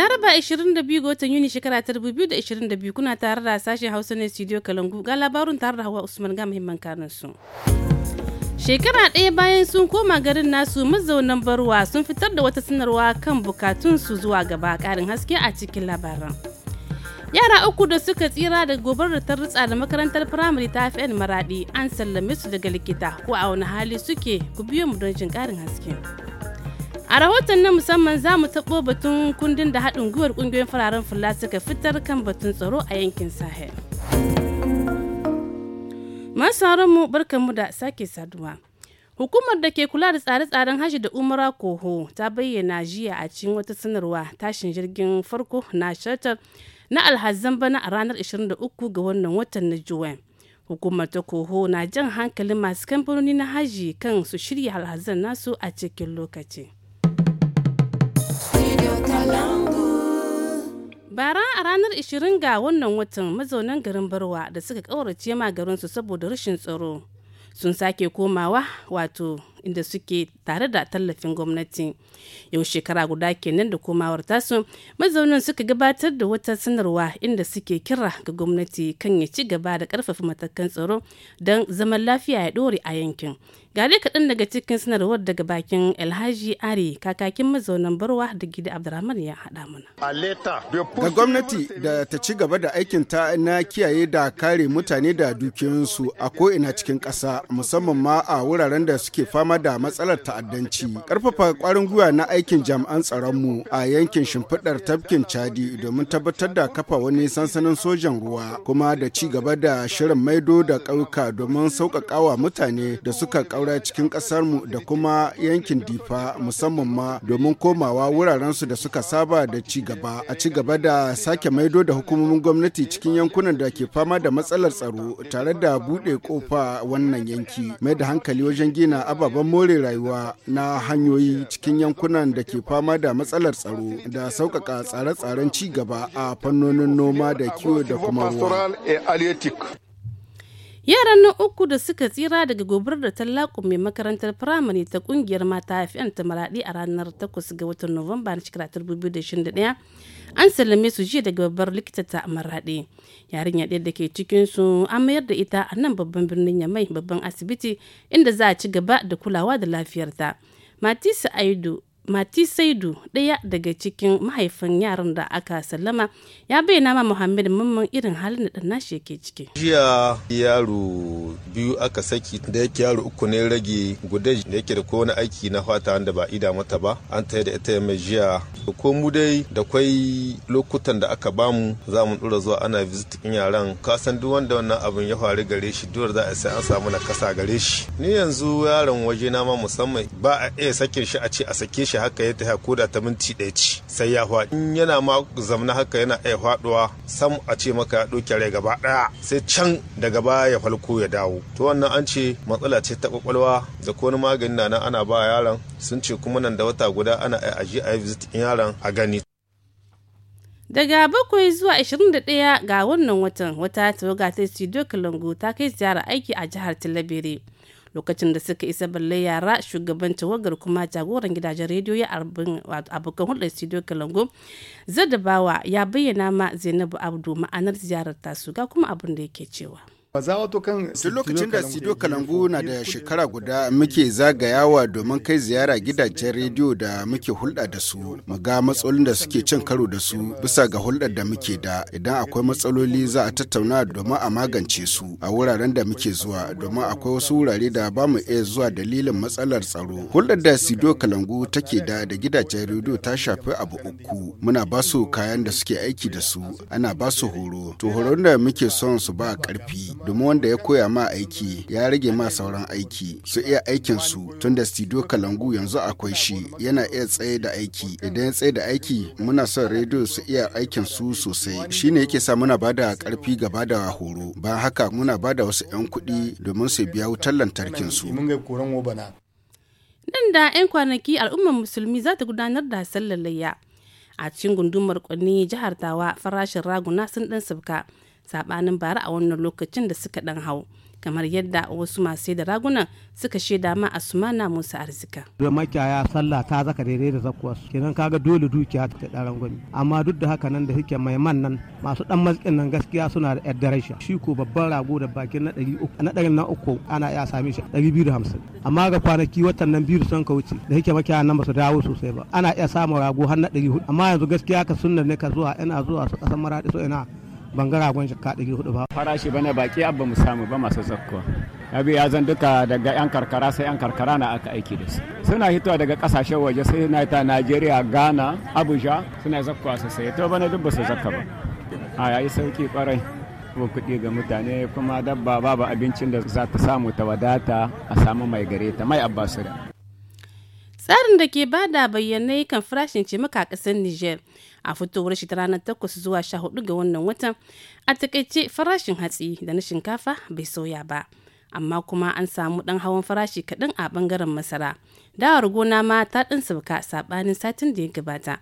Laraba 22 ga watan Yuni shekara ta 2022 kuna tare da sashen Hausa ne Studio Kalangu ga labarun tare da Hawa Usman ga muhimman karin su. Shekara ɗaya bayan sun koma garin nasu mazaunan barwa sun fitar da wata sanarwa kan bukatun su zuwa gaba karin haske a cikin labaran. Yara uku da suka tsira da gobar da ta rutsa da makarantar firamare ta FN Maradi an sallame su daga likita ko a wani hali suke ku biyo mu don jin ƙarin haske. A rahoton na musamman za mu taɓo batun kundin da haɗin gwiwar ƙungiyoyin fararen fulla suka fitar kan batun tsaro a yankin Sahel. Masu mu barkanmu da sake saduwa. Hukumar da ke kula da tsare-tsaren hashi da umara koho ta bayyana jiya a cikin wata sanarwa tashin jirgin farko na shartar na alhazan bana a ranar 23 ga wannan watan na Juwan. hukumar ta koho na jan hankalin masu kamfanoni na haji kan su shirya alhazan nasu a cikin lokaci. bara a ranar 20 ga wannan watan mazaunan garin barwa da suka kaurace ma garinsu saboda rashin tsaro sun sake komawa wato inda suke tare da tallafin gwamnati yau shekara guda kenan da komawar tasu mazaunin suka gabatar da wata sanarwa inda suke kira ga gwamnati kan ya ci gaba da karfafa matakan tsaro don zaman lafiya ya dore a yankin gare kaɗan daga cikin sanarwar daga bakin alhaji ari kakakin mazaunan barwa da gida abdurrahman ya haɗa mana ga gwamnati da ta ci gaba da aikin ta na kiyaye da kare mutane da dukiyoyinsu a ko ina cikin ƙasa musamman ma a wuraren da suke fama fama da matsalar ta'addanci karfafa kwarin gwiwa na aikin jami'an tsaronmu a yankin shimfiɗar tafkin chadi domin tabbatar da kafa wani sansanin sojan ruwa kuma da ci gaba da shirin maido da ƙauyuka domin sauƙaƙawa mutane da suka ƙaura cikin ƙasarmu da kuma yankin difa musamman ma domin komawa wuraren su da suka saba da ci gaba a ci gaba da sake maido da hukumomin gwamnati cikin yankunan da ke fama da matsalar tsaro tare da buɗe ƙofa wannan yanki mai da hankali wajen gina ababen ababen more rayuwa na hanyoyi cikin yankunan da ke fama da matsalar tsaro da sauƙaƙa tsare-tsaren ci gaba a fannonin noma da kiwo da kuma ruwa. yaran na uku da suka tsira daga gobar da tallaku mai makarantar firamare ta kungiyar mata ta maraɗi a ranar 8 ga watan nuwamba na shekara 2021 an sallame su jiya daga babbar likita ta maradi yarin ɗaya da ke cikin su an mayar da ita a nan babban birnin yamai babban asibiti inda za a ci gaba da kulawa da lafiyarta matisa aido Mati Saidu ɗaya daga cikin mahaifin yaran da aka sallama ya bayyana ma Muhammad Mamman irin halin da shi yake ciki. Jiya yaro biyu aka saki da yake yaro uku ne rage guda da yake da kowane aiki na fata da ba ida mata ba an ta da ita mai jiya. Ko mu dai da kwai lokutan da aka bamu za mu dura zuwa ana in yaran ka san duk wanda wannan abin ya faru gare shi dole za a sai an samu na kasa gare shi. Ni yanzu yaron waje na ma musamman ba a iya sakin shi a ce a sake shi haka ya tafi ko da ta minti ɗaya ce sai ya faɗi in yana ma zamna haka yana iya faɗuwa sam a ce maka ya ɗauke rai gaba ɗaya sai can daga baya ya falko ya dawo to wannan an ce matsala ce ta kwakwalwa da ko wani magani na nan ana ba yaran sun ce kuma nan da wata guda ana iya aji a yi visit yaron a gani daga bakwai zuwa 21 ga wannan watan wata tawaga ta studio kalangu ta kai ziyara aiki a jihar talabere lokacin da suka isa balle yara shugaban tawagar kuma jagoran gidajen rediyo ya abokan hulɗar studio kalango zadabawa ya bayyana ma zainabu abdu ma'anar ziyarar tasu ga kuma abin da yake cewa Tun lokacin da Sido Kalangu na da shekara guda muke zagayawa domin kai ziyara gidajen rediyo da muke hulɗa da su, mu ga matsalolin da suke cin karo da su bisa ga hulɗar da muke da idan akwai matsaloli za a tattauna domin a magance su a wuraren da muke zuwa domin akwai wasu wurare da ba mu iya zuwa dalilin matsalar tsaro. Hulɗar da Sido Kalangu take da da gidajen rediyo ta shafi abu uku. Muna ba su kayan da suke aiki da su, ana ba su horo, to horon da muke son su ba ƙarfi. domin wanda ya koya ma aiki ya rage ma sauran aiki su iya aikin su tun da studio kalangu yanzu akwai shi yana iya tsaye da aiki idan ya tsaye da aiki muna son rediyo su iya aikin su sosai shine yake sa muna bada karfi ga bada horo ba haka muna bada wasu 'yan kuɗi domin su biya wutar lantarkin su nan da 'yan kwanaki al'ummar musulmi za ta gudanar da sallar layya a cikin gundumar kwanni jihar tawa farashin raguna sun dan sabka sabanin bara a wannan lokacin da suka dan hau kamar yadda wasu masu da ragunan suka shaida ma asumana musu arzika. da makiyaya sallah ta zaka daidai da zakkuwarsu kenan kaga dole dukiya ta ɗaran gwani amma duk da haka nan da suke mai man nan masu ɗan matsin nan gaskiya suna da yadda rasha shi ko babban rago da bakin na ɗari uku na ɗari na uku ana iya same shi ɗari biyu da hamsin amma ga kwanaki watan nan biyu sun ka wuce da suke makiyaya nan ba su dawo sosai ba ana iya samun rago har na ɗari hudu amma yanzu gaskiya ka sunna ne ka zuwa ina zuwa su ƙasar maraɗi so ina bangara ga ragon shakka ɗari hudu ba. Farashi bana baƙi abu mu samu ba masu zakkuwa. Abi ya zan duka daga 'yan karkara sai 'yan karkara na aka aiki da su. Suna hitowa daga kasashen waje sai na ta Najeriya, Ghana, Abuja suna zakkuwa su sai. To bana duk ba su zakka ba. A yayi sauki kwarai. Ko kuɗi ga mutane kuma dabba babu abincin da za ta samu ta wadata a samu mai gare ta mai da. tsarin da ke bada bayyanai kan farashin cimaka a kasar niger a fitowar shi ta ranar takwas zuwa sha hudu ga wannan watan a takaice farashin hatsi da na shinkafa bai sauya ba amma kuma an samu ɗan hawan farashi kaɗan a ɓangaren masara dawar gona ma ta ɗan sauka saɓanin satin da ya gabata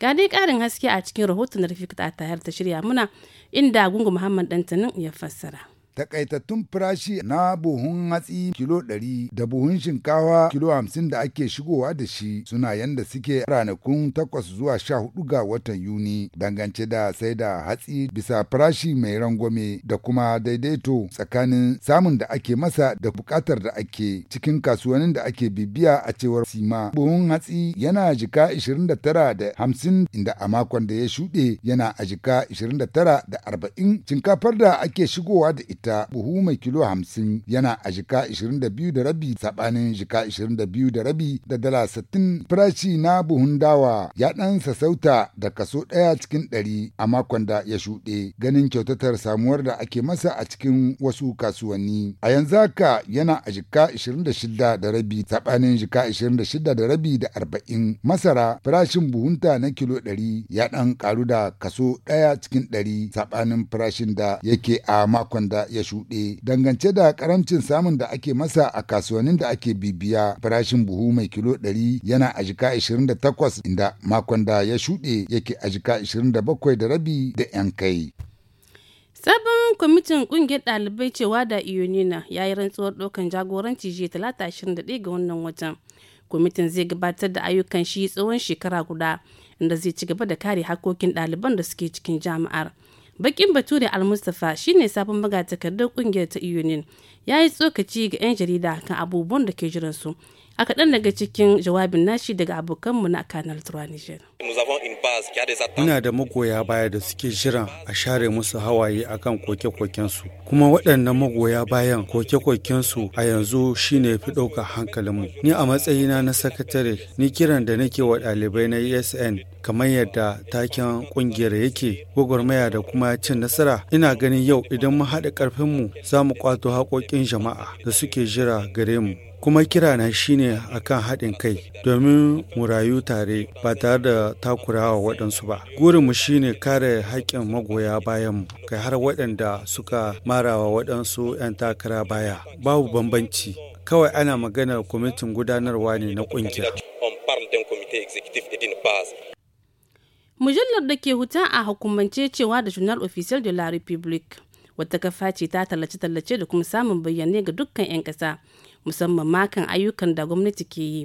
ga dai ƙarin haske a cikin rahoton da rafi ta tayar ta shirya muna inda gungu muhammad dantanin ya fassara takaitattun farashi na buhun hatsi kilo 100 da buhun shinkawa kilo 50 da ake shigowa da shi suna yanda suke ranakun 8 zuwa 14 ga watan Yuni dangance da sai da hatsi bisa farashi mai rangwame da kuma daidaito tsakanin samun da ake masa da bukatar da ake cikin kasuwannin da ake bibiya a cewar sima buhun hatsi yana jika 29 da 50 inda a makon da ya shuɗe yana a jika 29 da 40 shinkafar da ake shigowa da ita ta buhu mai kilo hamsin yana a jika ishirin da biyu da rabi saɓanin jika ishirin da biyu rabi da dala sittin farashi na buhun dawa ya ɗan sassauta da kaso ɗaya cikin ɗari a makon da ya shuɗe ganin kyautatar samuwar da ake masa a cikin wasu kasuwanni a yanzu haka yana a jika ishirin da da rabi saɓanin jika ishirin da rabi da arba'in masara farashin buhunta na kilo ɗari ya ɗan karu da kaso ɗaya cikin ɗari saɓanin farashin da yake a makon da ya ya shuɗe dangance da karamcin samun da ake masa a kasuwannin da ake bibiya farashin buhu mai kilo 100 yana a jika 28 inda makon da ya shuɗe yake a jika 27 da rabi da 'yan kai. sabon kwamitin kungiyar ɗalibai cewa da iyonina ya yi rantsuwar ɗaukan jagoranci jiya talata 21 ga wannan watan kwamitin zai gabatar da ayyukan shi tsawon shekara guda inda zai ci gaba da kare hakokin ɗaliban da suke cikin jami'ar Bakin Bature Al-Mustapha shine sabon magatakardar kungiyar ta Union. Ya yi tsokaci ga 'yan jarida kan abubuwan da ke jiransu. a kaɗan daga cikin jawabin nashi daga abokanmu na kanal Niger. Muna da magoya baya da suke jiran a share musu hawaye akan koke-kokensu. Kuma waɗannan magoya bayan koke-kokensu a yanzu shine fi ɗauka hankalinmu. Ni a matsayina na sakatare, ni kiran da nake wa ɗalibai na ESN kamar yadda taken ƙungiyar yake gwagwarmaya da kuma cin nasara ina ganin yau idan mu haɗa ƙarfinmu za mu ƙwato haƙoƙin jama'a da suke jira gare mu kuma kirana shine akan haɗin kai domin mu rayu tare ba tare da takurawa waɗansu ba gurinmu shine kare haƙƙin magoya bayanmu kai har waɗanda suka marawa waɗansu 'yan takara baya babu bambanci kawai ana maganar kwamitin gudanarwa ne na ƙungiya mujallar da ke huta a hukumance cewa da journal official de la republique wata kafa ce ta tallace-tallace da kuma samun bayanai ga dukkan 'yan ƙasa musamman makan ayyukan da gwamnati ke yi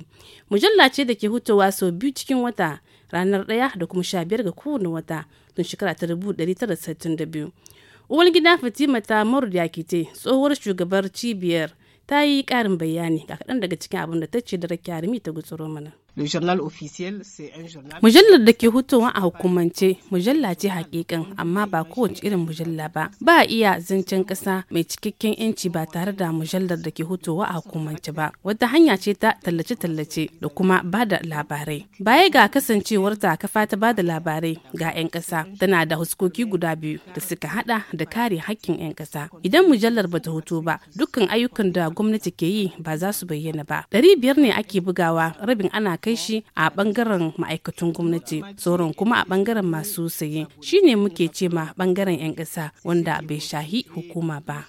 mujalla ce da ke hutowa sau biyu cikin wata ranar ɗaya da kuma sha biyar ga kowane wata tun shekara ta dubu ɗari tara sittin da biyu uwar gida fatima ta da kite tsohuwar shugabar cibiyar ta yi ƙarin bayani ga kaɗan daga cikin abin da ta ce da rakiya ta gutsuro mana Mujallar da ke hutowa a hukumance mujalla ce hakikan amma ba kowace irin mujalla ba. Ba a iya zancen ƙasa mai cikakken yanci ba tare da mujallar da ke hutuwa a hukumance ba. Wata hanya ce ta tallace-tallace da kuma ba da labarai. Baya ga kasancewar ta kafa ta ba da labarai ga 'yan ƙasa tana da huskoki guda biyu da suka hada da kare hakkin 'yan ƙasa. Idan mujallar ba ta hutu ba dukkan ayyukan da gwamnati ke yi ba za su bayyana ba. Ɗari biyar ne ake bugawa rabin ana kai shi a bangaren ma'aikatan gwamnati tsoron kuma a bangaren masu saye shine muke ce ma bangaren 'yan ƙasa wanda bai shahi hukuma ba.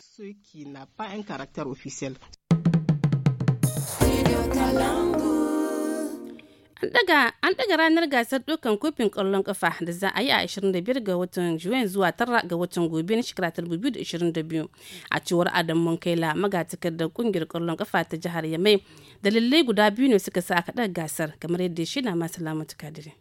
Studio Talangu. An daga ranar gasar dokan kofin kwallon ƙafa da za a yi a 25 ga watan Juwan zuwa 9 ga watan gobe na shekara 2022 a cewar Adam Munkaila magatakar da kungiyar ƙwallon ƙafa ta jihar Yamai. Dalilai guda biyu ne suka sa aka ɗaga gasar kamar yadda shi na masu lamatu kadiri.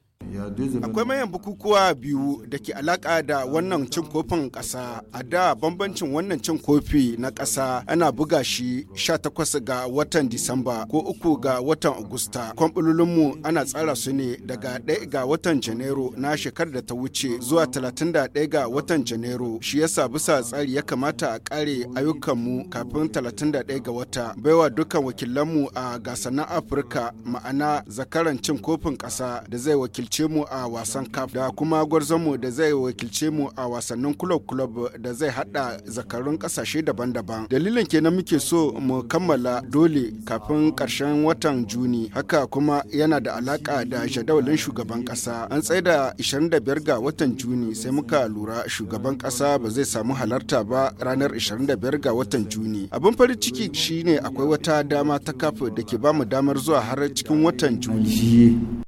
Akwai mayan bukukuwa biyu da ke alaka da wannan cin kofin ƙasa. A da bambancin wannan cin kofi na ƙasa ana buga shi 18 ga watan Disamba ko uku ga watan Agusta. Kwamɓulolinmu ana tsara su ne daga 1 ga watan Janairu na shekarar da ta wuce zuwa 31 ga watan Janairu. Shi yasa bisa tsari ya kamata a ƙare ayyukanmu kafin 31 ga wata. Baiwa dukkan wakilanmu a gasannin Afirka ma'ana zakaran cin kofin ƙasa da zai wakilci wakilce mu a wasan CAF da kuma gwarzonmu da zai wakilce mu a wasannin club club da zai hada zakarun kasashe daban-daban. Dalilin kenan muke so mu kammala dole kafin karshen watan Juni. Haka kuma yana da alaka da jadawalin shugaban kasa. An da 25 ga watan Juni sai muka lura shugaban kasa ba zai samu halarta ba ranar 25 ga watan Juni. Abin farin ciki shine akwai wata dama ta kafa da ke bamu damar zuwa har cikin watan Juni.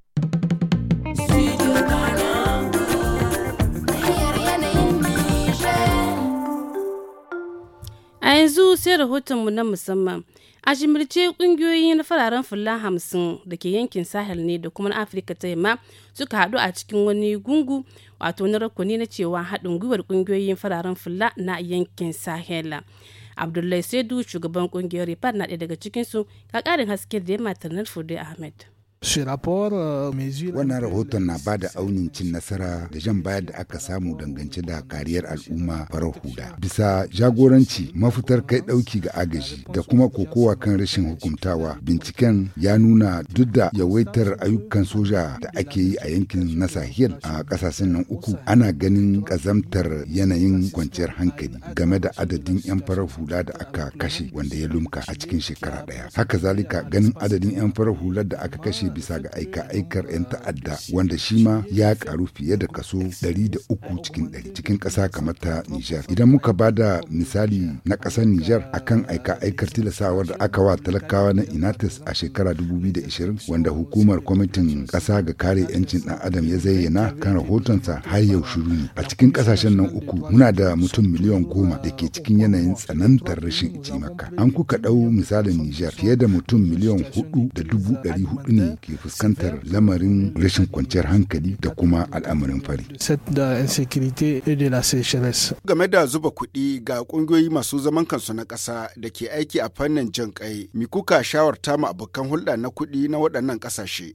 yanzu sai rahotonmu na musamman. A shimirce kungiyoyi na fararen fulla hamsin da ke yankin sahel ne da kuma Afirka ta yamma suka haɗu a cikin wani gungu wato na rukuni na cewa haɗin gwiwar kungiyoyin fararen fulla na yankin sahel. Abdullahi Saidu shugaban kungiyar Rifat na ɗaya daga cikinsu ka ƙarin haske da ya matar Ahmed. Uh, Wannan rahoton na ba da aunin cin nasara da jan bayar da aka samu dangance da kariyar al'umma farar huda. Bisa jagoranci mafitar kai ɗauki ga agaji da kuma kokowa kan rashin hukuntawa. Binciken ya nuna duk da yawaitar ayyukan soja da ake yi a yankin na Sahel a ƙasashen nan uku ana ganin ƙazamtar yanayin kwanciyar hankali game da adadin 'yan farar hula da aka kashe wanda ya lumka a cikin shekara ɗaya. Haka zalika ganin adadin 'yan farar hular da aka kashe bisa ga aika aikar 'yan ta'adda wanda shi ma ya karu fiye da kaso 300 cikin 100 cikin ƙasa kamar ta Nijar. Idan muka ba da misali na ƙasar Nijar akan aika aikar tilasawar da aka wa talakawa na Inates a shekara 2020 wanda hukumar kwamitin ƙasa ga kare 'yancin ɗan adam ya zayyana kan rahotonsa har yau shiru ne. A cikin ƙasashen nan uku muna da mutum miliyan goma da ke cikin yanayin tsanantar rashin ijimaka. An kuka ɗau misalin Nijar fiye da mutum miliyan hudu da dubu ɗari hudu ne ke fuskantar lamarin rashin kwanciyar hankali da kuma al'amarin fari. Euh, la de Game da zuba kuɗi ga ƙungiyoyi masu zaman kansu na ƙasa da ke aiki a fannin jan ƙai, mi kuka shawarta ma abokan hulɗa na kuɗi na waɗannan ƙasashe.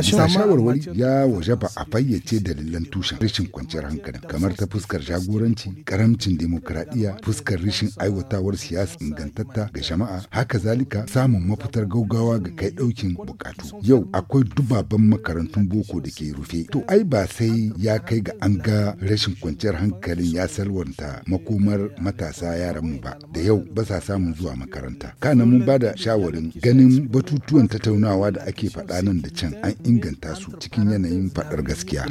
Bisa shawarwari ya wajaba a fayyace dalilan tushen rashin kwanciyar hankali kamar ta fuskar jagoranci, karamcin demokuraɗiyya, fuskar rashin aiwatawar siyasa ingantatta ga jama'a, haka zalika samun mafitar gaugawa ga kai ɗaukin bukatu. yau akwai dubaban makarantun boko da ke rufe to ai ba sai ya kai ga an ga rashin kwanciyar hankalin ya salwanta makomar matasa yaran mu ba da yau ba sa samun zuwa makaranta kana mun ba da shawarin ganin batutuwan tattaunawa da ake faɗa nan da can an inganta su cikin yanayin faɗar gaskiya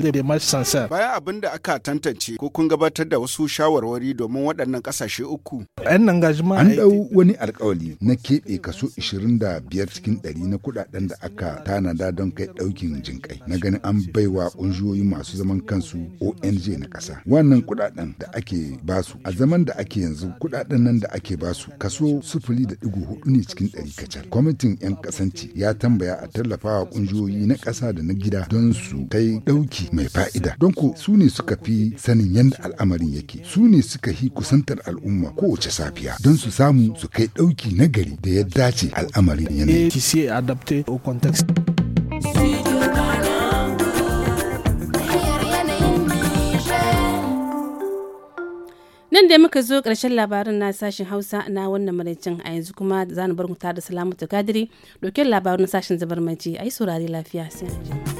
bayan abin da aka tantance ko kun gabatar da wasu shawarwari domin waɗannan ƙasashe uku an ɗau wani alkawali na keɓe kaso 25 cikin ɗari na kuɗaɗen da aka aka tanada don kai ɗaukin jinƙai na ganin an baiwa kungiyoyi masu zaman kansu ONG na ƙasa. Wannan kudaden da ake basu a zaman da ake yanzu kudaden nan da ake basu kaso sufuri da ɗigo hudu ne cikin ɗari kacal. Kwamitin 'yan ƙasanci ya tambaya a tallafawa ƙungiyoyi na ƙasa da na gida don su kai dauki mai fa'ida. Don ku su ne suka fi sanin yadda al'amarin yake. Su ne suka hi kusantar al'umma kowace safiya don su samu su kai dauki na gari da ya dace al'amarin yanayi. adapté au contexte nan da muka zo karshen labarin na sashen hausa na wannan maraicin a yanzu kuma za ni bar mu tare da salamatu kadiri dokin labarin sashen zabar mace a yi saurari lafiya sai